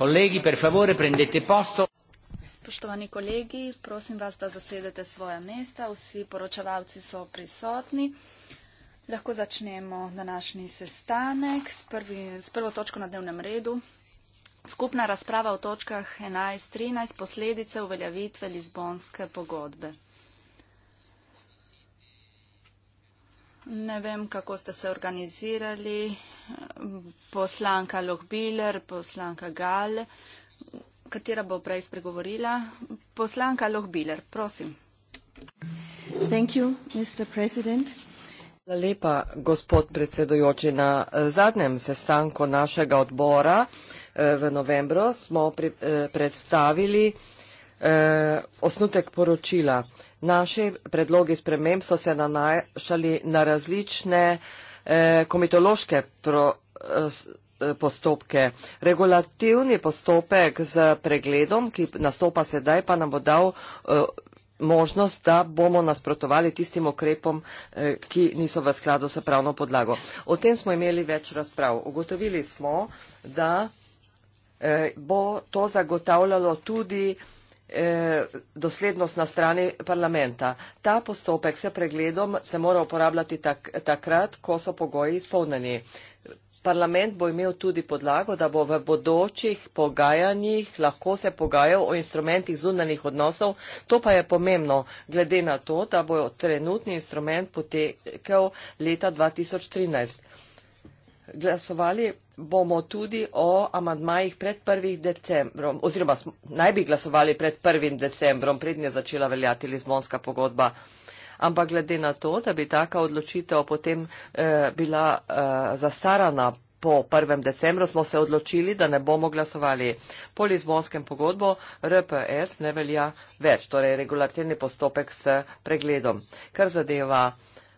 Kolegi, per favore, prendete posto. Spoštovani kolegi, prosim vas, da zasedete svoja mesta. Vsi poročevalci so prisotni. Lahko začnemo današnji sestanek s, prvi, s prvo točko na dnevnem redu. Skupna razprava o točkah 11.13 posledice uveljavitve Lizbonske pogodbe. Ne vem, kako ste se organizirali, poslanka Lohbiler, poslanka Gal, katera bo prej spregovorila. Poslanka Lohbiler, prosim. Thank you, Mr. President. Hvala lepa, gospod predsedojoči. Na eh, zadnjem sestanku našega odbora eh, v novembru smo pri, eh, predstavili eh, osnutek poročila. Naši predlogi sprememb so se nanašali na različne eh, komitološke pro, eh, postopke. Regulativni postopek z pregledom, ki nastopa sedaj, pa nam bo dal eh, možnost, da bomo nasprotovali tistim okrepom, eh, ki niso v skladu s pravno podlago. O tem smo imeli več razprav. Ugotovili smo, da eh, bo to zagotavljalo tudi eh, Eh, doslednost na strani parlamenta. Ta postopek se pregledom se mora uporabljati tak, takrat, ko so pogoji izpolneni. Parlament bo imel tudi podlago, da bo v bodočih pogajanjih lahko se pogajal o instrumentih zunanih odnosov. To pa je pomembno, glede na to, da bo trenutni instrument potekel leta 2013 glasovali bomo tudi o amadmajih pred 1. decembrom, oziroma naj bi glasovali pred 1. decembrom, prednje začela veljati Lizbonska pogodba. Ampak glede na to, da bi taka odločitev potem eh, bila eh, zastarana po 1. decembru, smo se odločili, da ne bomo glasovali po Lizbonskem pogodbo, RPS ne velja več, torej regulativni postopek s pregledom. Kar zadeva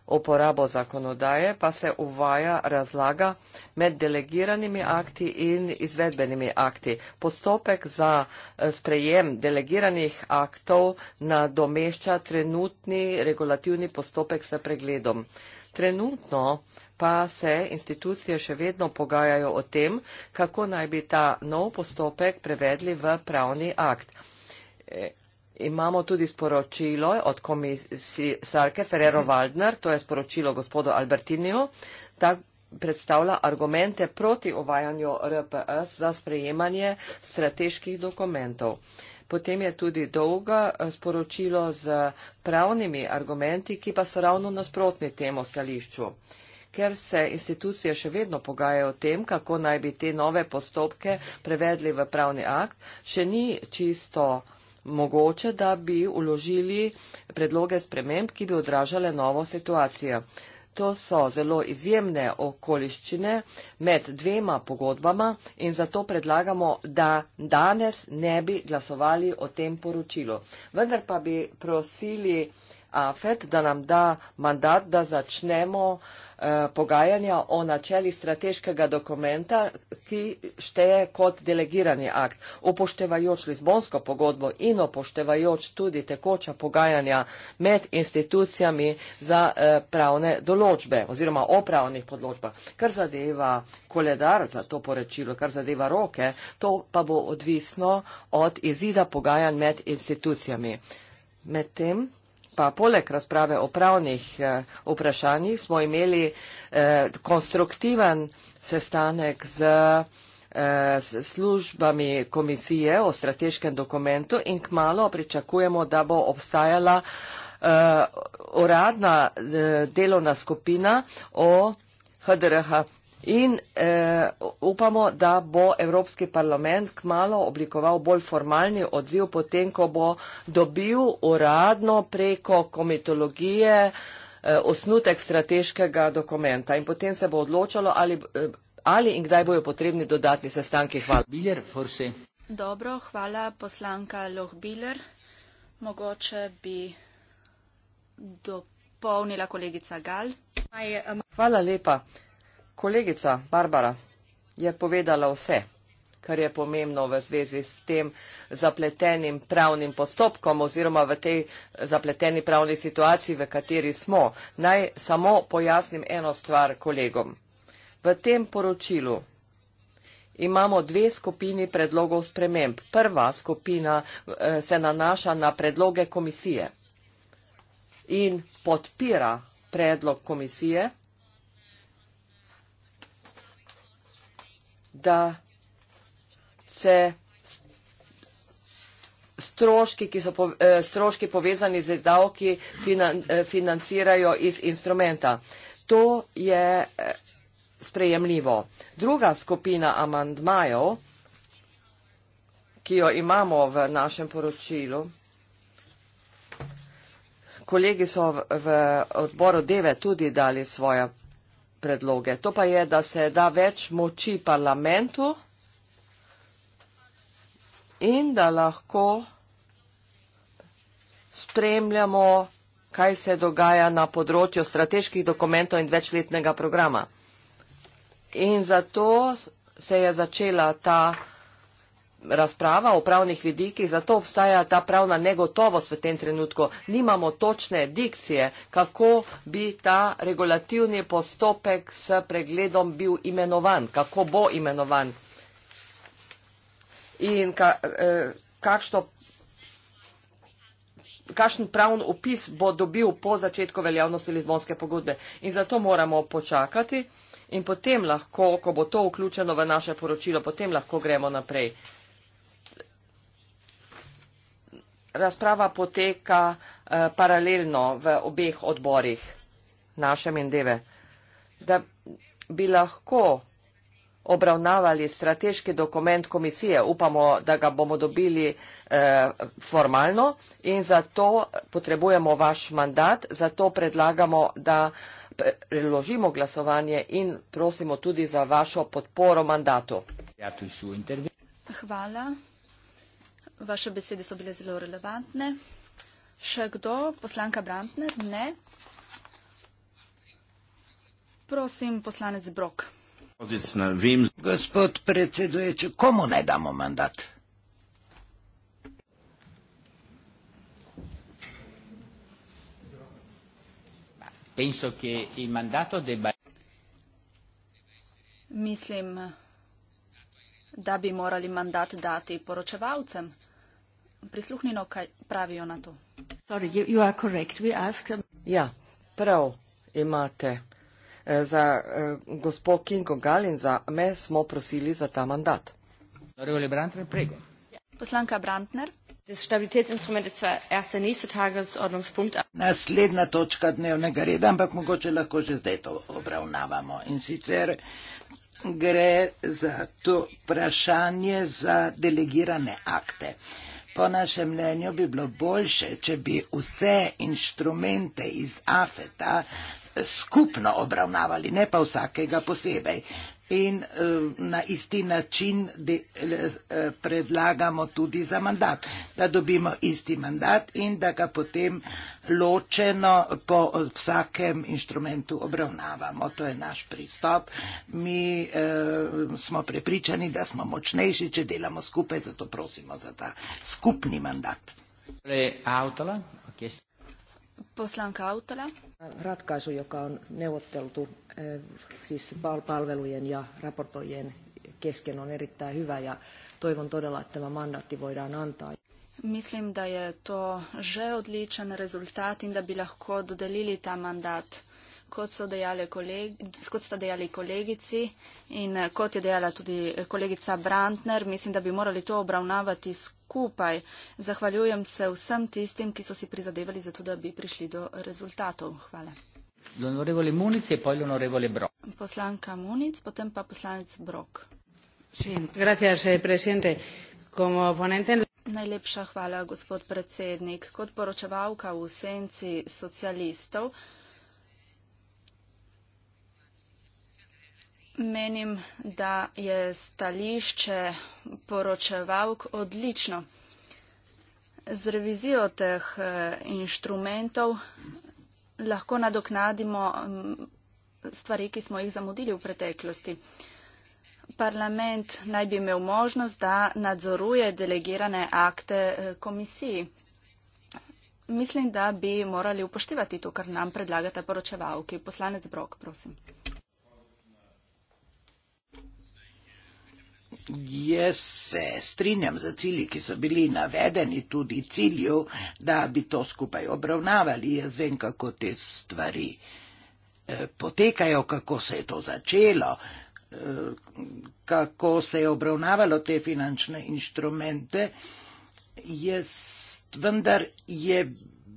uporabo zakonodaje, pa se uvaja razlaga med delegiranimi akti in izvedbenimi akti. Postopek za eh, sprejem delegiranih aktov nadomešča trenutni regulativni postopek za pregledom. Trenutno pa se institucije še vedno pogajajo o tem, kako naj bi ta nov postopek prevedli v pravni akt. Eh, Imamo tudi sporočilo od komisarke Ferrero Waldner, to je sporočilo gospodu Albertiniju, da predstavlja argumente proti uvajanju RPS za sprejemanje strateških dokumentov. Potem je tudi dolga eh, sporočilo z pravnimi argumenti, ki pa so ravno nasprotni temu stališču. Ker se institucije še vedno pogajajo o tem, kako naj bi te nove postopke prevedli v pravni akt, še ni čisto mogoče, da bi uložili predloge sprememb, ki bi odražale novo situacijo. To so zelo izjemne okoliščine med dvema pogodbama in zato predlagamo, da danes ne bi glasovali o tem poročilu. Vendar pa bi prosili AFED, da nam da mandat, da začnemo uh, Eh, pogajanja o načeli strateškega dokumenta, ki šteje kot delegirani akt. Upoštevajoč Lizbonsko pogodbo in upoštevajoč tudi tekoča pogajanja med institucijami za eh, pravne določbe oziroma o pravnih podločbah. Kar zadeva koledar za to poročilo, kar zadeva roke, to pa bo odvisno od izida pogajanj med institucijami. Medtem pa poleg razprave o pravnih eh, vprašanjih smo imeli eh, konstruktiven sestanek z eh, službami komisije o strateškem dokumentu in kmalo pričakujemo, da bo obstajala uradna delovna skupina o HDRH In eh, upamo, da bo Evropski parlament kmalo oblikoval bolj formalni odziv, potem, ko bo dobil uradno preko komitologije eh, osnutek strateškega dokumenta. In potem se bo odločalo, ali, eh, ali in kdaj bojo potrebni dodatni sestanki. Hvala. Biler, Dobro, hvala poslanka Lohbiler. Mogoče bi dopolnila kolegica Gal. Hvala lepa. Kolegica Barbara je povedala vse, kar je pomembno v zvezi s tem zapletenim pravnim postopkom oziroma v tej zapleteni pravni situaciji, v kateri smo. Naj samo pojasnim eno stvar kolegom. V tem poročilu imamo dve skupini predlogov sprememb. Prva skupina eh, se nanaša na predloge komisije in podpira predlog komisije. da se stroški, ki so po, eh, stroški povezani z davki, finan, eh, financirajo iz instrumenta. To je eh, sprejemljivo. Druga skupina amandmajev, ki jo imamo v našem poročilu, kolegi so v, v odboru 9 tudi dali svoje predloge. To pa je, da se da več moči parlamentu in da lahko spremljamo, kaj se dogaja na področju strateških dokumentov in večletnega programa. In zato se je začela ta predloga, razprava o pravnih vidikih, zato obstaja ta pravna negotovost v tem trenutku. Nimamo točne dikcije, kako bi ta regulativni postopek s pregledom bil imenovan, kako bo imenovan in ka, eh, kakšno, kakšen pravn upis bo dobil po začetku veljavnosti Lizbonske pogodbe. In zato moramo počakati. In potem lahko, ko bo to vključeno v naše poročilo, potem lahko gremo naprej. razprava poteka eh, paralelno v obeh odborih, našem in deve, da bi lahko obravnavali strateški dokument komisije. Upamo, da ga bomo dobili eh, formalno in zato potrebujemo vaš mandat, zato predlagamo, da preložimo glasovanje in prosimo tudi za vašo podporo mandatu. Ja, Hvala. Vaše besede so bile zelo relevantne. Še kdo? Poslanka Brantner? Ne. Prosim, poslanec Brok. Gospod predsedujoči, komu naj damo mandat? Penso che il mandato debba... Mislim, da bi morali mandat dati poročevalcem prisluhnino, kaj pravijo na to. Sorry, you, you ask... Um, ja, prav imate. Eh, za eh, gospod Kingo Galin, za me smo prosili za ta mandat. Poslanka Brantner. Naslednja točka dnevnega reda, ampak mogoče lahko že zdaj to obravnavamo. In sicer gre za to vprašanje za delegirane akte. Eh, Po našem mnenju bi bilo boljše, če bi vse inštrumente iz afeta skupno obravnavali, ne pa vsakega posebej in eh, na isti način eh, predlagamo tudi za mandat, da dobimo isti mandat in da ga potem ločeno po vsakem inštrumentu obravnavamo. To je naš pristop. Mi eh, smo prepričani, da smo močnejši, če delamo skupaj, zato prosimo za ta skupni mandat. Poslanka Autola. Radkažu, joka on neuvoteltu Äh, siis palvelujen ja raportoijien kesken on erittäin hyvä ja toivon todella, että tämä mandaatti voidaan antaa. Mislim, da je to že odličen rezultat in da bi lahko dodelili ta mandat. Kot, kolegi, kot sta dejali kolegici in eh, kot je dejala tudi eh, kolegica Brantner, mislim, da bi morali to obravnavati skupaj. Zahvaljujem se vsem tistim, ki so si prizadevali za to, da bi prišli do rezultatov. Hvala. L'onorevole Muniz e poi l'onorevole Brock. Poslanka Muniz, potem pa poslanec Brock. Sì, grazie eh, presidente. Come ponente Najlepša hvala, gospod predsednik. Kot poročevalka v senci socialistov menim, da je stališče poročevalk odlično. Z revizijo teh eh, inštrumentov lahko nadoknadimo mm, stvari, ki smo jih zamudili v preteklosti. Parlament naj bi imel možnost, da nadzoruje delegirane akte eh, komisiji. Mislim, da bi morali upoštevati to, kar nam predlagata poročevalki. Poslanec Brok, prosim. Jaz se strinjam za cilji, ki so bili navedeni, tudi ciljev, da bi to skupaj obravnavali. Jaz vem, kako te stvari eh, potekajo, kako se je to začelo, eh, kako se je obravnavalo te finančne inštrumente. Jaz vendar je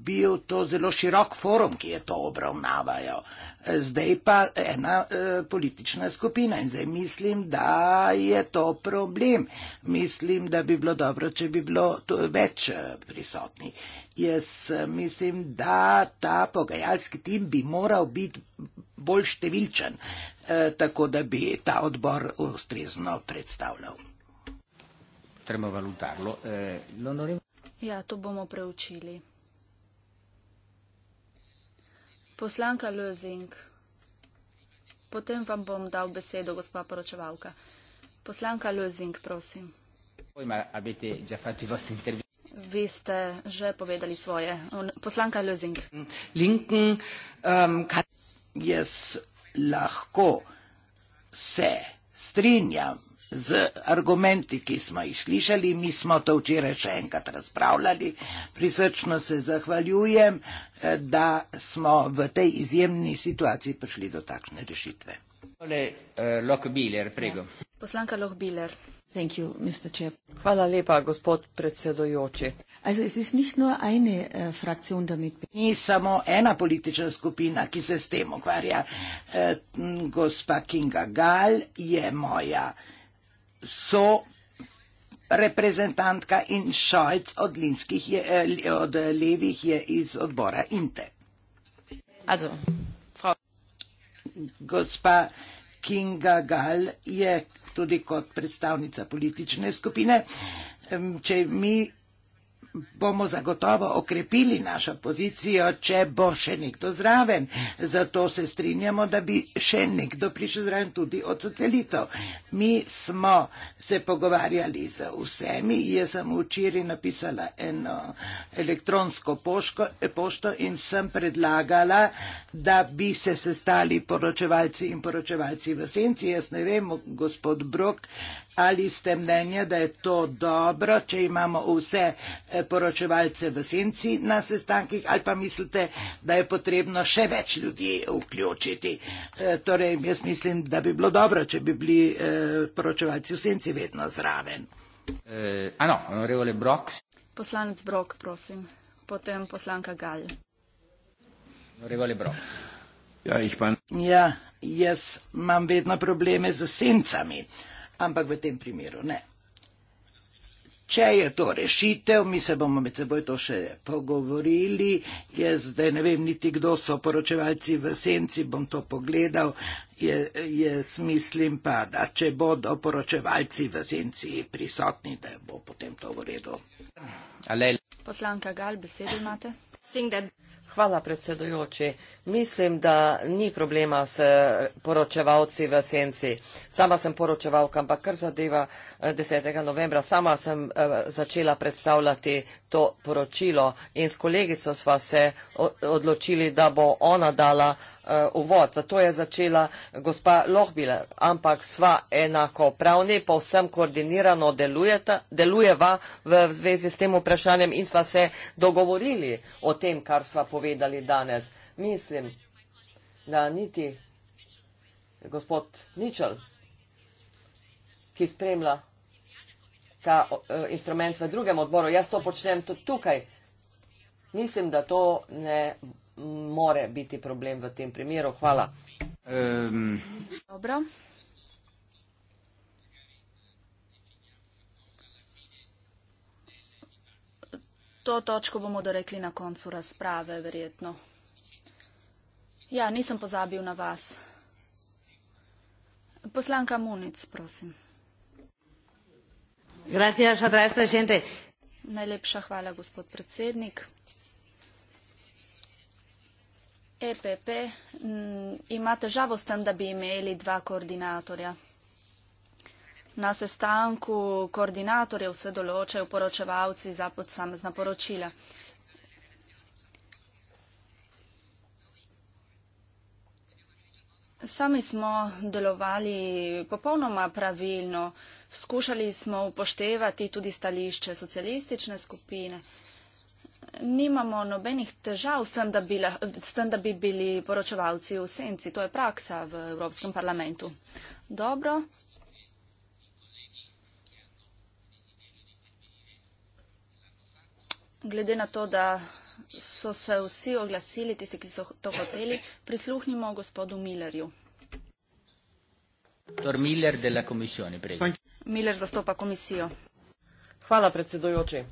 bil to zelo širok forum, ki je to obravnavajo. Zdaj pa ena e, politična skupina in zdaj mislim, da je to problem. Mislim, da bi bilo dobro, če bi bilo več e, prisotni. Jaz e, mislim, da ta pogajalski tim bi moral biti bolj številčen, e, tako da bi ta odbor ustrezno predstavljal. E, ja, to bomo preučili. Poslanka Lözing, potem vam bom dal besedo, gospa poročevalka. Poslanka Lözing, prosim. Vi ste že povedali svoje. Poslanka Lözing. Linken, um, kaj... Jaz lahko se strinjam z argumenti, ki smo jih slišali, mi smo to včeraj še enkrat razpravljali. Prisrčno se zahvaljujem, eh, da smo v tej izjemni situaciji prišli do takšne rešitve. Eh, Poslanka Lohbiler. Hvala lepa, gospod predsedojoči. Äh, Ni samo ena politična skupina, ki se s tem ukvarja. Eh, gospa Kinga Gal je moja so reprezentantka in šajc od, je, eh, od eh, levih je iz odbora INTE. Also, Frau... Gospa Kinga Gal je tudi kot predstavnica politične skupine. Če mi bomo zagotovo okrepili našo pozicijo, če bo še nekdo zraven. Zato se strinjamo, da bi še nekdo prišel zraven tudi od socialitov. Mi smo se pogovarjali z vsemi. Jaz sem včeraj napisala eno elektronsko poško, pošto in sem predlagala, da bi se sestali poročevalci in poročevalci v senci. Jaz ne vem, gospod Brok Ali ste mnenja, da je to dobro, če imamo vse eh, poročevalce v senci na sestankih, ali pa mislite, da je potrebno še več ljudi vključiti? E, torej, jaz mislim, da bi bilo dobro, če bi bili e, poročevalci v senci vedno zraven. Eh, ano, onorevole Brok. Poslanec Brok, prosim. Potem poslanka Gal. Onorevole Brok. Ja, jih pa. Ja, jaz imam vedno probleme z sencami ampak v tem primeru ne. Če je to rešitev, mi se bomo med seboj to še pogovorili. Jaz zdaj ne vem niti, kdo so poročevalci v senci, bom to pogledal. Je, jaz mislim pa, da če bodo poročevalci v senci prisotni, da bo potem to v redu. Poslanka Gal, besedo imate? Hvala, predsedujoči. Mislim, da ni problema s eh, poročevalci v senci. Sama sem poročevalka, ampak kar zadeva 10. Eh, novembra, sama sem eh, začela predstavljati to poročilo in s kolegico sva se odločili, da bo ona dala Eh, uvod. Zato je začela gospa Lohbiler, ampak sva enakopravni, povsem koordinirano delujeva v zvezi s tem vprašanjem in sva se dogovorili o tem, kar sva povedali danes. Mislim, da niti gospod Ničel, ki spremlja ta eh, instrument v drugem odboru, jaz to počnem tudi tukaj, mislim, da to ne bo more biti problem v tem primeru. Hvala. Um. Dobro. To točko bomo dorekli na koncu razprave, verjetno. Ja, nisem pozabil na vas. Poslanka Munic, prosim. Gracias, Najlepša hvala, gospod predsednik. EPP mm, ima težavo s tem, da bi imeli dva koordinatorja. Na sestanku koordinatorjev se določajo poročevalci za podsamezna poročila. Sami smo delovali popolnoma pravilno, skušali smo upoštevati tudi stališče socialistične skupine nimamo nobenih težav s tem, da bi, s tem, da bi bili poročevalci v senci. To je praksa v Evropskem parlamentu. Dobro. Glede na to, da so se vsi oglasili, tisti, ki so to hoteli, prisluhnimo gospodu Millerju. Miller, Miller zastopa komisijo. Hvala predsedujoči.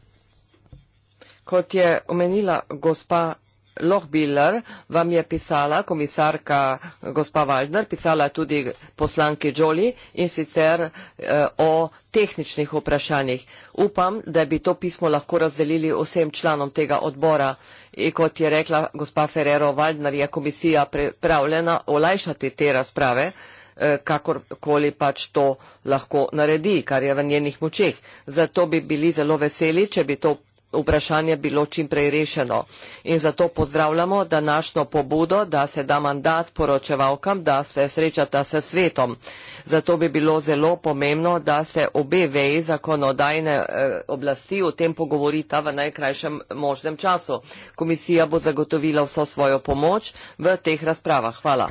Kot je omenila gospa Lohbiller, vam je pisala komisarka gospa Waldner, pisala tudi poslanki Jolie in sicer eh, o tehničnih vprašanjih. Upam, da bi to pismo lahko razdelili vsem članom tega odbora. In kot je rekla gospa Ferrero Waldner, je komisija pripravljena olajšati te razprave eh, kakorkoli pač to lahko naredi, kar je v njenih močeh. Zato bi bili zelo veseli, če bi to vprašanje bilo čim prej rešeno. In zato pozdravljamo današnjo pobudo, da se da mandat poročevalkam, da se srečata s svetom. Zato bi bilo zelo pomembno, da se obe veji zakonodajne eh, oblasti o tem pogovorita v najkrajšem možnem času. Komisija bo zagotovila vso svojo pomoč v teh razpravah. Hvala.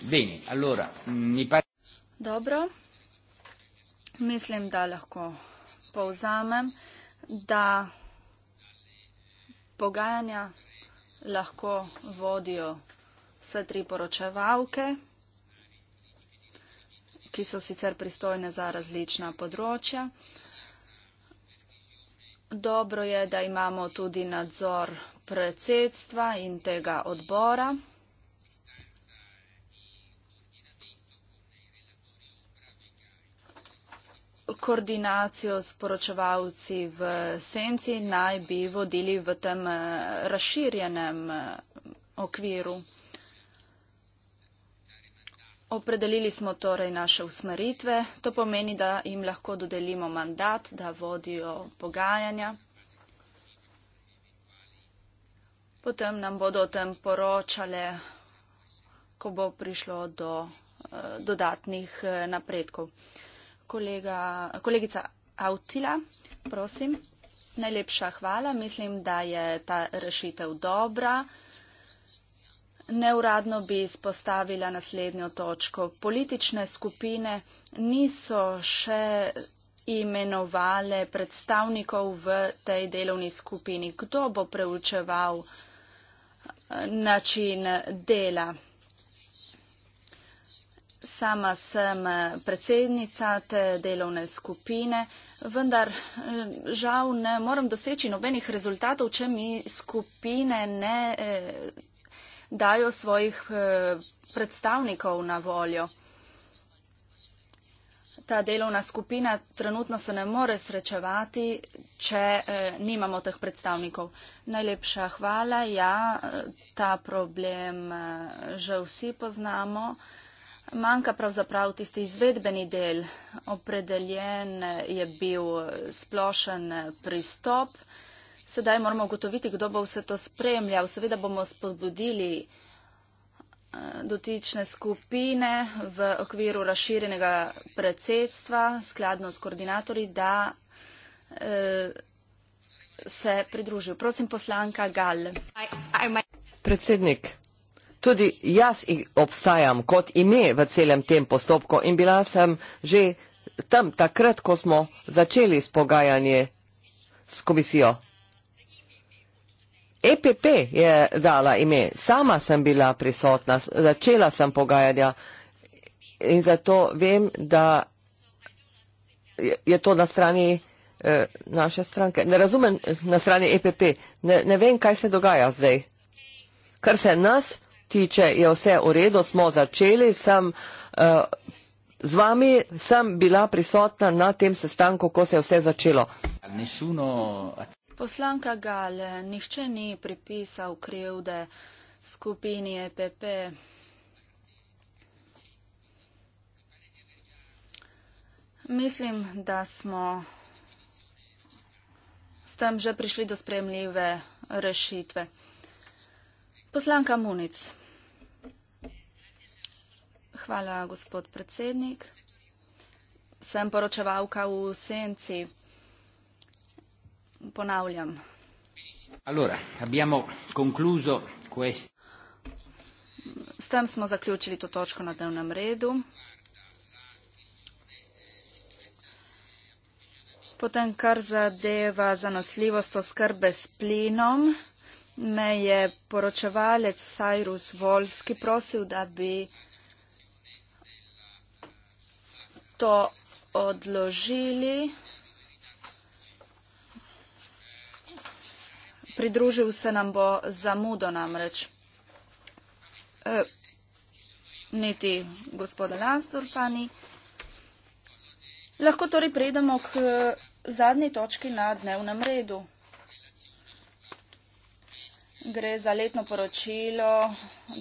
Bene, allora, mm, mi pare... Dobro, mislim, da lahko povzamem, da pogajanja lahko vodijo vse tri poročevalke, ki so sicer pristojne za različna področja. Dobro je, da imamo tudi nadzor predsedstva in tega odbora. koordinacijo s poročevalci v senci naj bi vodili v tem eh, razširjenem eh, okviru. Opredelili smo torej naše usmeritve, to pomeni, da jim lahko dodelimo mandat, da vodijo pogajanja. Potem nam bodo o tem poročale, ko bo prišlo do eh, dodatnih napredkov kolega, kolegica Avtila, prosim. Najlepša hvala. Mislim, da je ta rešitev dobra. Neuradno bi spostavila naslednjo točko. Politične skupine niso še imenovale predstavnikov v tej delovni skupini. Kdo bo preučeval eh, način dela? Sama sem eh, predsednica te delovne skupine, vendar eh, žal ne moram doseči nobenih rezultatov, če mi skupine ne eh, dajo svojih predstavnikov na voljo. Ta delovna skupina trenutno se ne more srečevati, če eh, nimamo teh predstavnikov. Najlepša hvala. Ja, ta problem eh, že vsi poznamo. Eh, Manjka pravzaprav tisti izvedbeni del. Opredeljen je bil splošen pristop. Sedaj moramo ugotoviti, kdo bo vse to spremljal. Seveda bomo spodbudili eh, dotične skupine v okviru razširjenega predsedstva skladno s koordinatorji, da eh, se pridružijo. Prosim, poslanka Gal. I, I might... Predsednik. Tudi jaz obstajam kot ime v celem tem postopku in bila sem že tam takrat, ko smo začeli spogajanje s komisijo. EPP je dala ime, sama sem bila prisotna, začela sem pogajanja in zato vem, da je to na strani eh, naše stranke. Ne razumem na strani EPP, ne, ne vem, kaj se dogaja zdaj. Kar se nas tiče, je vse v redu, smo začeli, sem eh, z vami, sem bila prisotna na tem sestanku, ko se je vse začelo. Poslanka Gal, nihče ni pripisal krivde skupini EPP. Mislim, da smo s tem že prišli do spremljive rešitve. Poslanka Munic. Hvala, gospod predsednik. Sem poročevalka v senci. Ponavljam. Allora, abbiamo concluso questo. S tem smo zaključili to točko na dnevnem redu. Potem, kar zadeva zanosljivost oskrbe s plinom, me je poročevalec Cyrus Volski prosil, da bi to odložili. Pridružil se nam bo zamudo namreč. E, niti gospoda Lansdorfani. Lahko torej predamo k zadnji točki na dnevnem redu. Gre za letno poročilo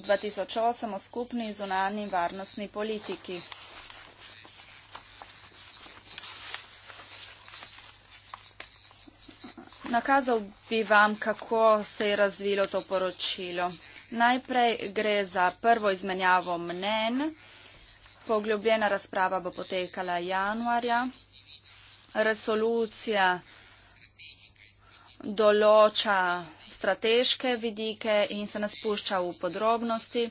2008 o skupni zunanji varnostni politiki. Nakazal bi vam, kako se je razvilo to poročilo. Najprej gre za prvo izmenjavo mnen. Poglobljena razprava bo potekala januarja. Resolucija določa strateške vidike in se naspušča v podrobnosti.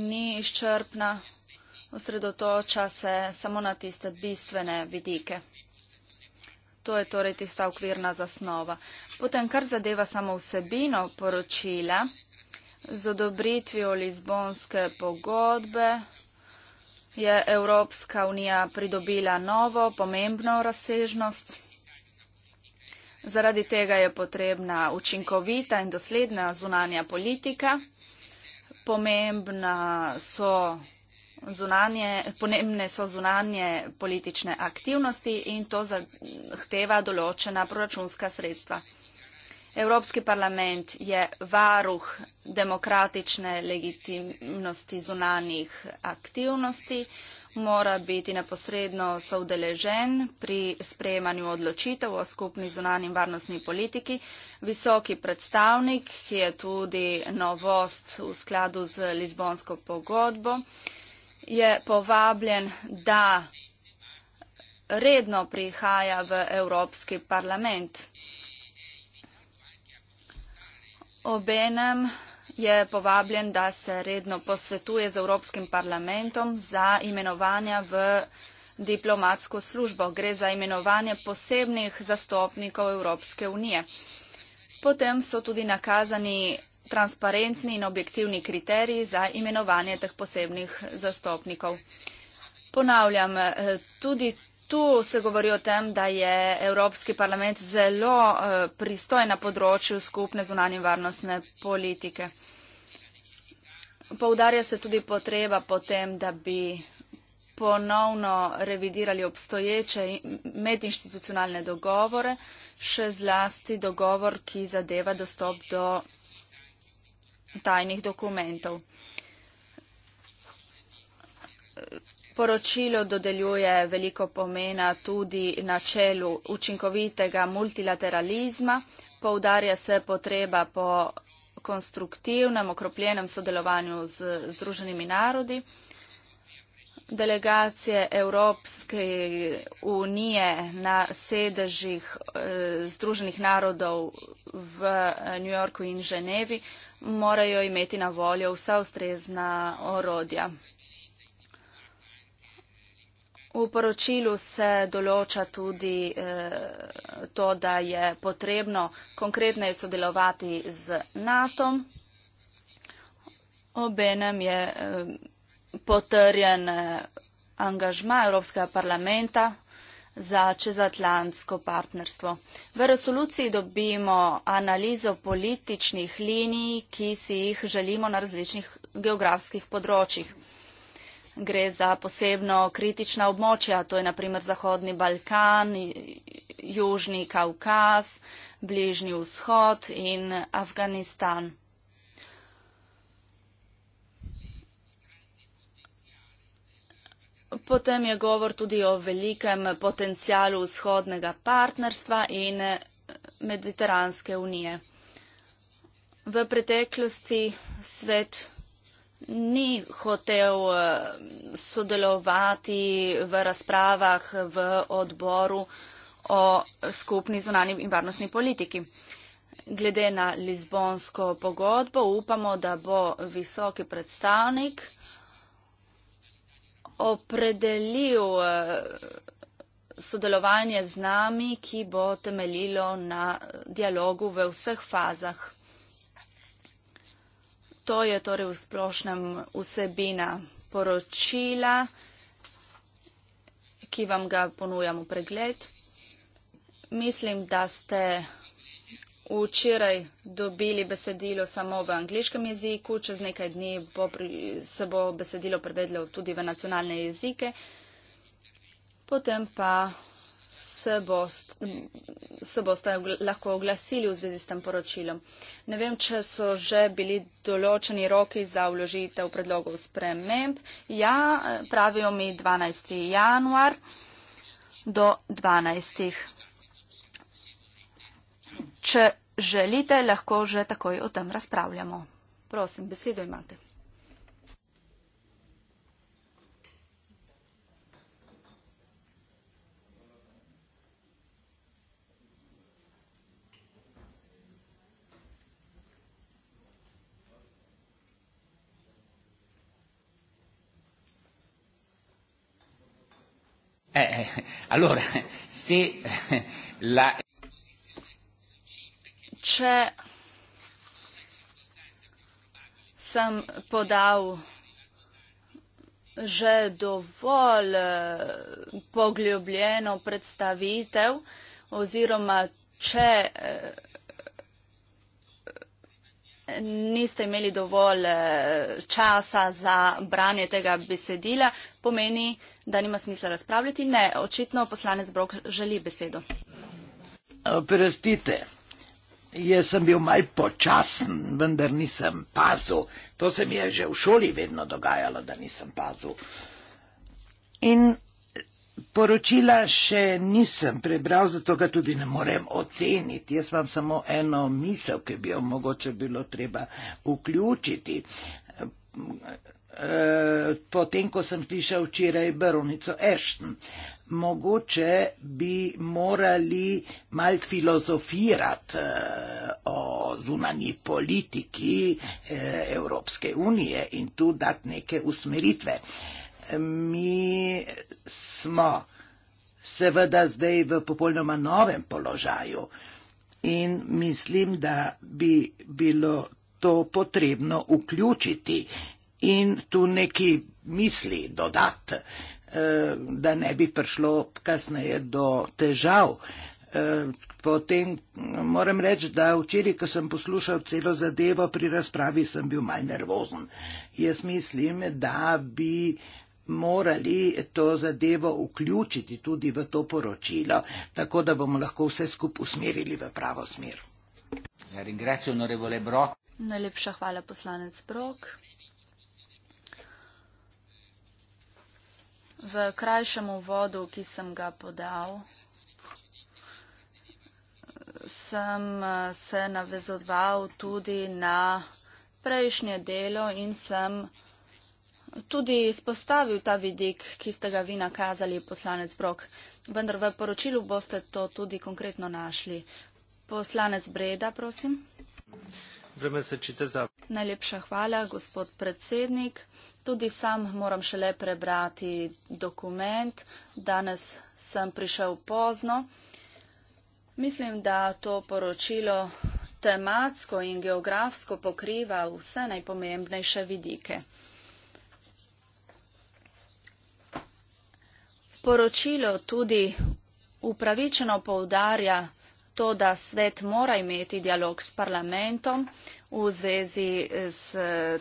Ni izčrpna, osredotoča se samo na tiste bistvene vidike. To je torej tista okvirna zasnova. Potem, kar zadeva samo vsebino poročila, z odobritvijo Lizbonske pogodbe je Evropska unija pridobila novo pomembno razsežnost. Zaradi tega je potrebna učinkovita in dosledna zunanja politika. Pomembna so zunanje, pomembne so zunanje politične aktivnosti in to zahteva določena proračunska sredstva. Evropski parlament je varuh demokratične legitimnosti zunanjih aktivnosti, mora biti neposredno soudeležen pri sprejemanju odločitev o skupni zunanji varnostni politiki. Visoki predstavnik, ki je tudi novost v skladu z Lizbonsko pogodbo, je povabljen, da redno prihaja v Evropski parlament. Obenem je povabljen, da se redno posvetuje z Evropskim parlamentom za imenovanja v diplomatsko službo. Gre za imenovanje posebnih zastopnikov Evropske unije. Potem so tudi nakazani transparentni in objektivni kriteriji za imenovanje teh posebnih zastopnikov. Ponavljam, eh, tudi tu se govori o tem, da je Evropski parlament zelo eh, pristojen na področju skupne zunanje varnostne politike. Poudarja se tudi potreba potem, da bi ponovno revidirali obstoječe medinstitucionalne dogovore, še zlasti dogovor, ki zadeva dostop do tajnih dokumentov. Poročilo dodeljuje veliko pomena tudi na čelu učinkovitega multilateralizma, poudarja se potreba po konstruktivnem, okropljenem sodelovanju z Združenimi narodi. Delegacije Evropske unije na sedežih eh, Združenih narodov v New Yorku in Ženevi morajo imeti na voljo vsa ustrezna orodja. V poročilu se določa tudi eh, to, da je potrebno konkretneje sodelovati z NATO. Obenem je eh, potrjen eh, angažma Evropskega parlamenta za čezatlantsko partnerstvo. V resoluciji dobimo analizo političnih linij, ki si jih želimo na različnih geografskih področjih. Gre za posebno kritična območja, to je naprimer Zahodni Balkan, Južni Kaukaz, Bližnji vzhod in Afganistan. Potem je govor tudi o velikem potencijalu vzhodnega partnerstva in Mediteranske unije. V preteklosti svet ni hotel eh, sodelovati v razpravah v odboru o skupni zunanji in varnostni politiki. Glede na Lizbonsko pogodbo upamo, da bo visoki predstavnik opredelil eh, sodelovanje z nami, ki bo temeljilo na dialogu v vseh fazah. To je torej v splošnem vsebina poročila, ki vam ga ponujamo pregled. Mislim, da ste včeraj dobili besedilo samo v angliškem jeziku, čez nekaj dni bo pri, se bo besedilo prevedlo tudi v nacionalne jezike, potem pa se, bo, se boste lahko oglasili v zvezi s tem poročilom. Ne vem, če so že bili določeni roki za vložitev predlogov sprememb. Ja, pravijo mi 12. januar do 12. Če želite, lahko že takoj o tem razpravljamo. Prosim, besedo imate. Eh, eh allora, se la če sem podal že dovolj eh, pogljubljeno predstavitev oziroma če eh, niste imeli dovolj eh, časa za branje tega besedila, pomeni, da nima smisla razpravljati. Ne, očitno poslanec Brok želi besedo. Prestite. Jaz sem bil mal počasen, vendar nisem pazil. To se mi je že v šoli vedno dogajalo, da nisem pazil. In poročila še nisem prebral, zato ga tudi ne morem oceniti. Jaz imam samo eno misel, ki bi jo mogoče bilo treba vključiti. Eh, potem, ko sem slišal včeraj baronico Ešten. Mogoče bi morali mal filozofirati eh, o zunanji politiki eh, Evropske unije in tu dati neke usmeritve. Mi smo seveda zdaj v popolnoma novem položaju in mislim, da bi bilo to potrebno vključiti eh, in tu neki misli dodati, eh, da ne bi prišlo kasneje do težav. Eh, potem moram reči, da včeraj, ko sem poslušal celo zadevo pri razpravi, sem bil malj nervozen. Jaz mislim, da bi morali to zadevo vključiti tudi v to poročilo, tako da bomo lahko vse skup usmerili v pravo smer. Ja, in grazie, onorevole Brok. Najlepša hvala, poslanec Brok. v krajšem uvodu, ki sem ga podal, sem eh, se navezoval tudi na prejšnje delo in sem tudi izpostavil ta vidik, ki ste ga vi nakazali, poslanec Brok. Vendar v poročilu boste to tudi konkretno našli. Poslanec Breda, prosim. Vreme se čite za. Najlepša hvala, gospod predsednik. Tudi sam moram šele prebrati dokument. Danes sem prišel pozno. Mislim, da to poročilo tematsko in geografsko pokriva vse najpomembnejše vidike. Poročilo tudi upravičeno poudarja, to, da svet mora imeti dialog s parlamentom v zvezi s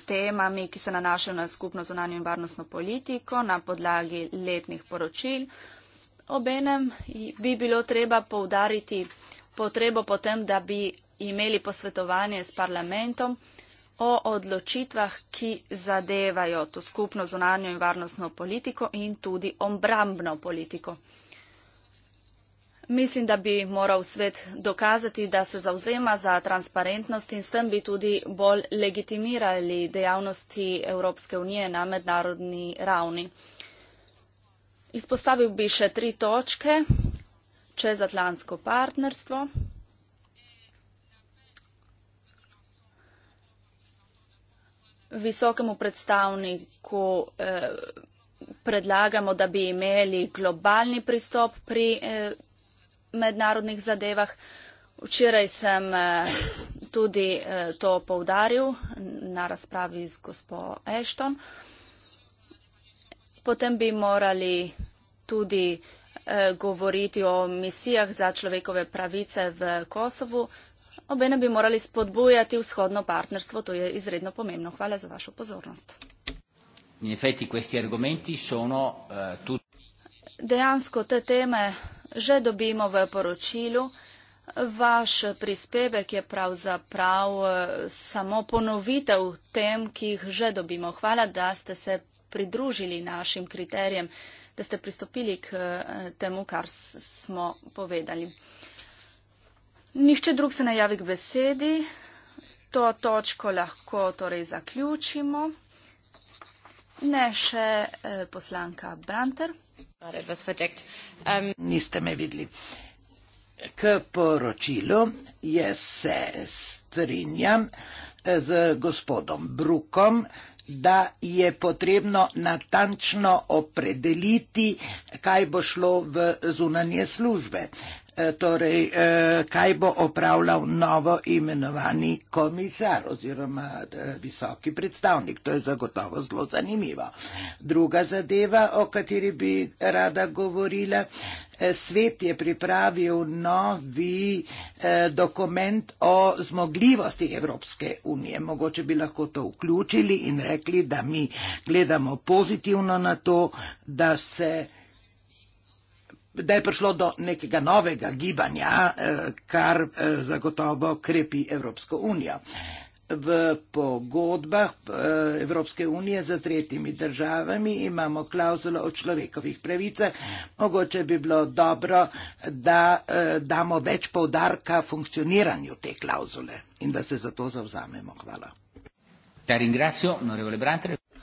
temami, ki se nanašajo na skupno zonanje in varnostno politiko na podlagi letnih poročil. Obenem bi bilo treba poudariti potrebo potem, da bi imeli posvetovanje s parlamentom o odločitvah, ki zadevajo to skupno zonanje in varnostno politiko in tudi obrambno politiko. Mislim, da bi moral svet dokazati, da se zauzema za transparentnost in s tem bi tudi bolj legitimirali dejavnosti Evropske unije na mednarodni ravni. Izpostavil bi še tri točke. Čezatlantsko partnerstvo. Visokemu predstavniku eh, predlagamo, da bi imeli globalni pristop pri. Eh, mednarodnih zadevah. Včeraj sem tudi to povdaril na razpravi z gospo Ashton. Potem bi morali tudi govoriti o misijah za človekove pravice v Kosovu. Obene bi morali spodbujati vzhodno partnerstvo, to je izredno pomembno. Hvala za vašo pozornost. In efekti, questi argumenti so uh, tudi. Dejansko te teme že dobimo v poročilu. Vaš prispevek je pravzaprav eh, samo ponovitev tem, ki jih že dobimo. Hvala, da ste se pridružili našim kriterijem, da ste pristopili k eh, temu, kar smo povedali. Nišče drug se najavi k besedi. To točko lahko torej zaključimo. Ne še eh, poslanka Branter. Um, Niste me videli. K poročilu jaz se strinjam z gospodom Brukom, da je potrebno natančno opredeliti, kaj bo šlo v zunanje službe, e, torej e, kaj bo opravljal novo imenovani komisar oziroma e, visoki predstavnik. To je zagotovo zelo zanimivo. Druga zadeva, o kateri bi rada govorila, svet je pripravil novi eh, dokument o zmogljivosti Evropske unije. Mogoče bi lahko to vključili in rekli, da mi gledamo pozitivno na to, da se da je prišlo do nekega novega gibanja, eh, kar eh, zagotovo krepi Evropsko unijo v pogodbah eh, Evropske unije z tretjimi državami imamo klauzulo o človekovih pravicah. Mogoče bi bilo dobro, da eh, damo več povdarka funkcioniranju te klauzule in da se za to zavzamemo. Hvala.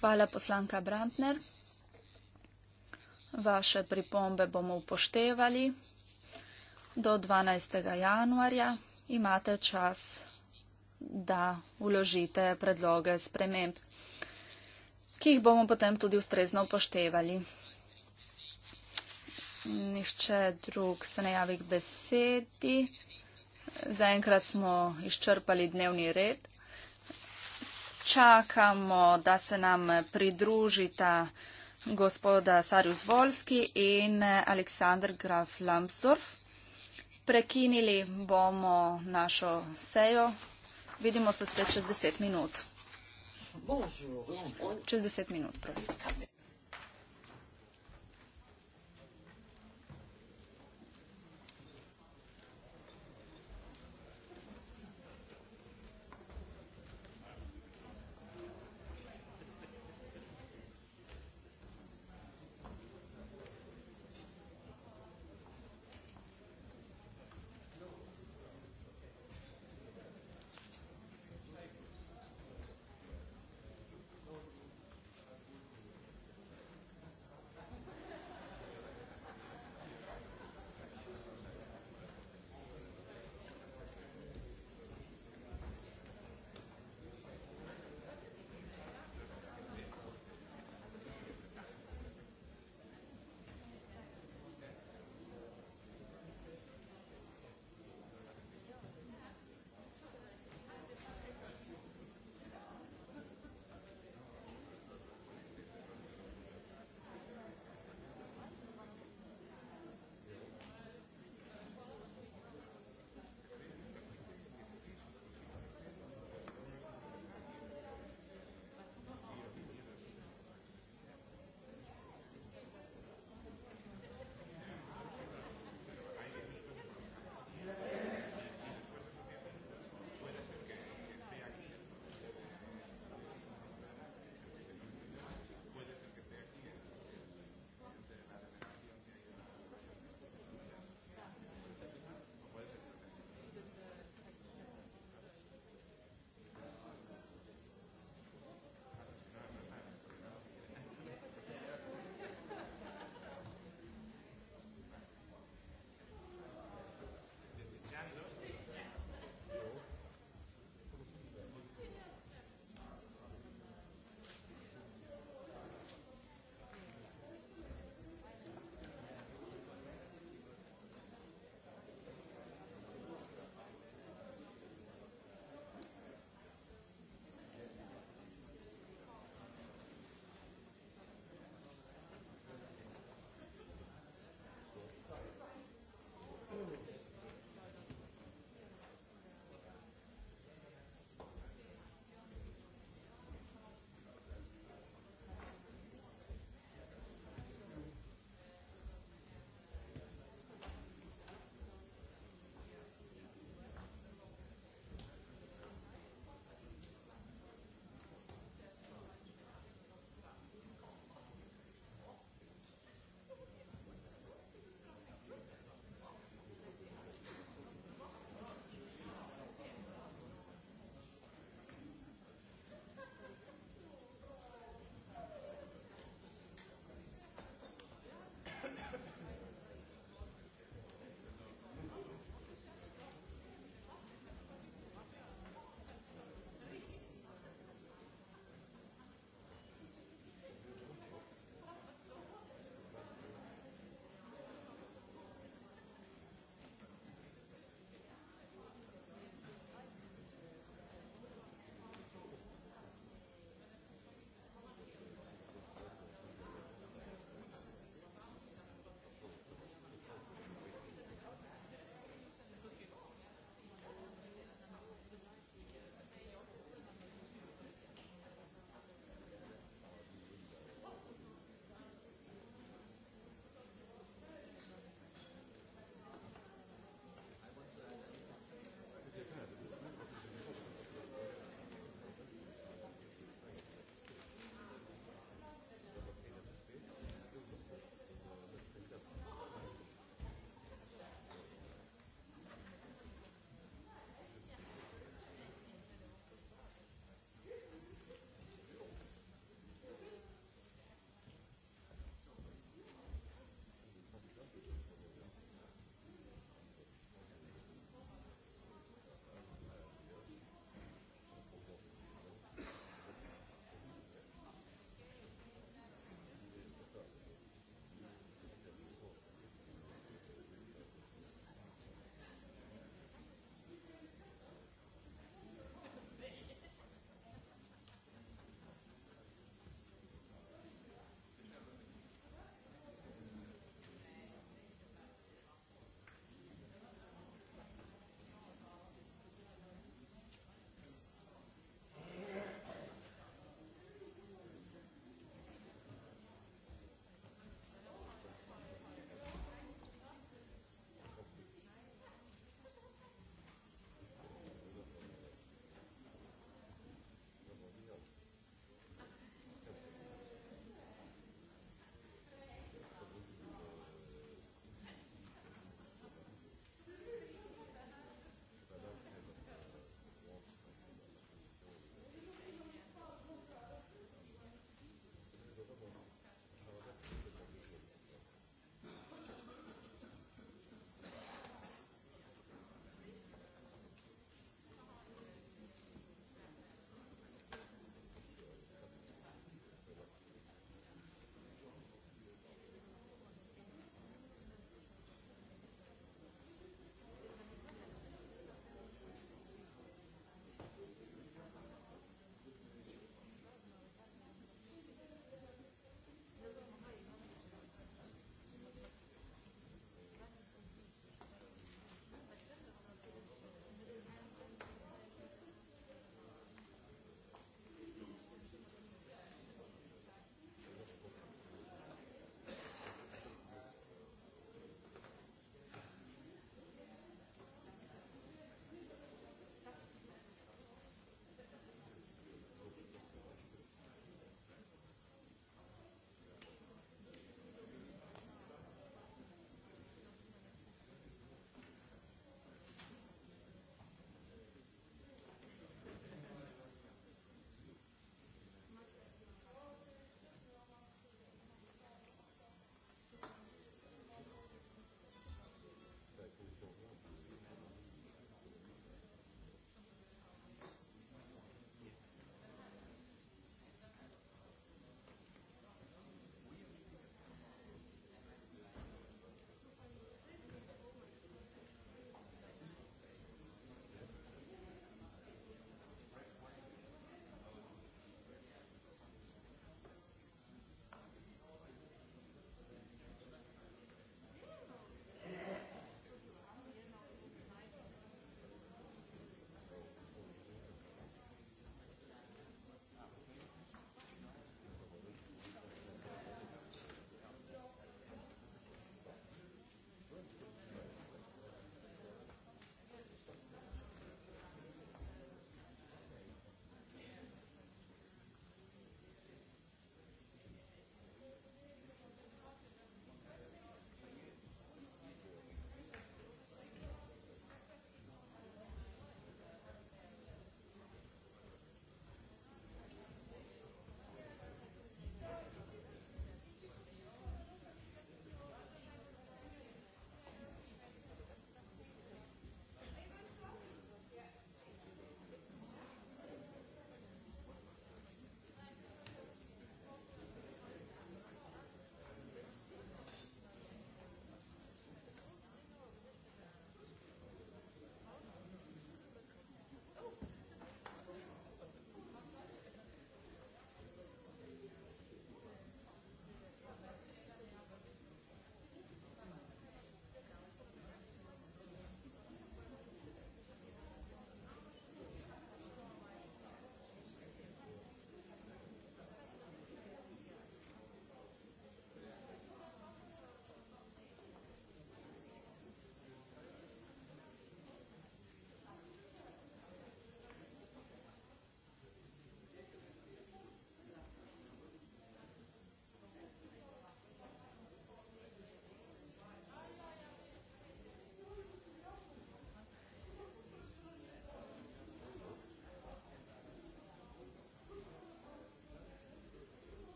Hvala poslanka Brantner. Vaše pripombe bomo upoštevali. Do 12. januarja imate čas da uložite predloge sprememb, ki jih bomo potem tudi ustrezno upoštevali. Nihče drug se ne javi k besedi. Zaenkrat smo izčrpali dnevni red. Čakamo, da se nam pridružita gospoda Sarjus Volski in Aleksandr Graf Lambsdorf. Prekinili bomo našo sejo Vidimo se spet čez 10 minut. Čez 10 minut, prosim.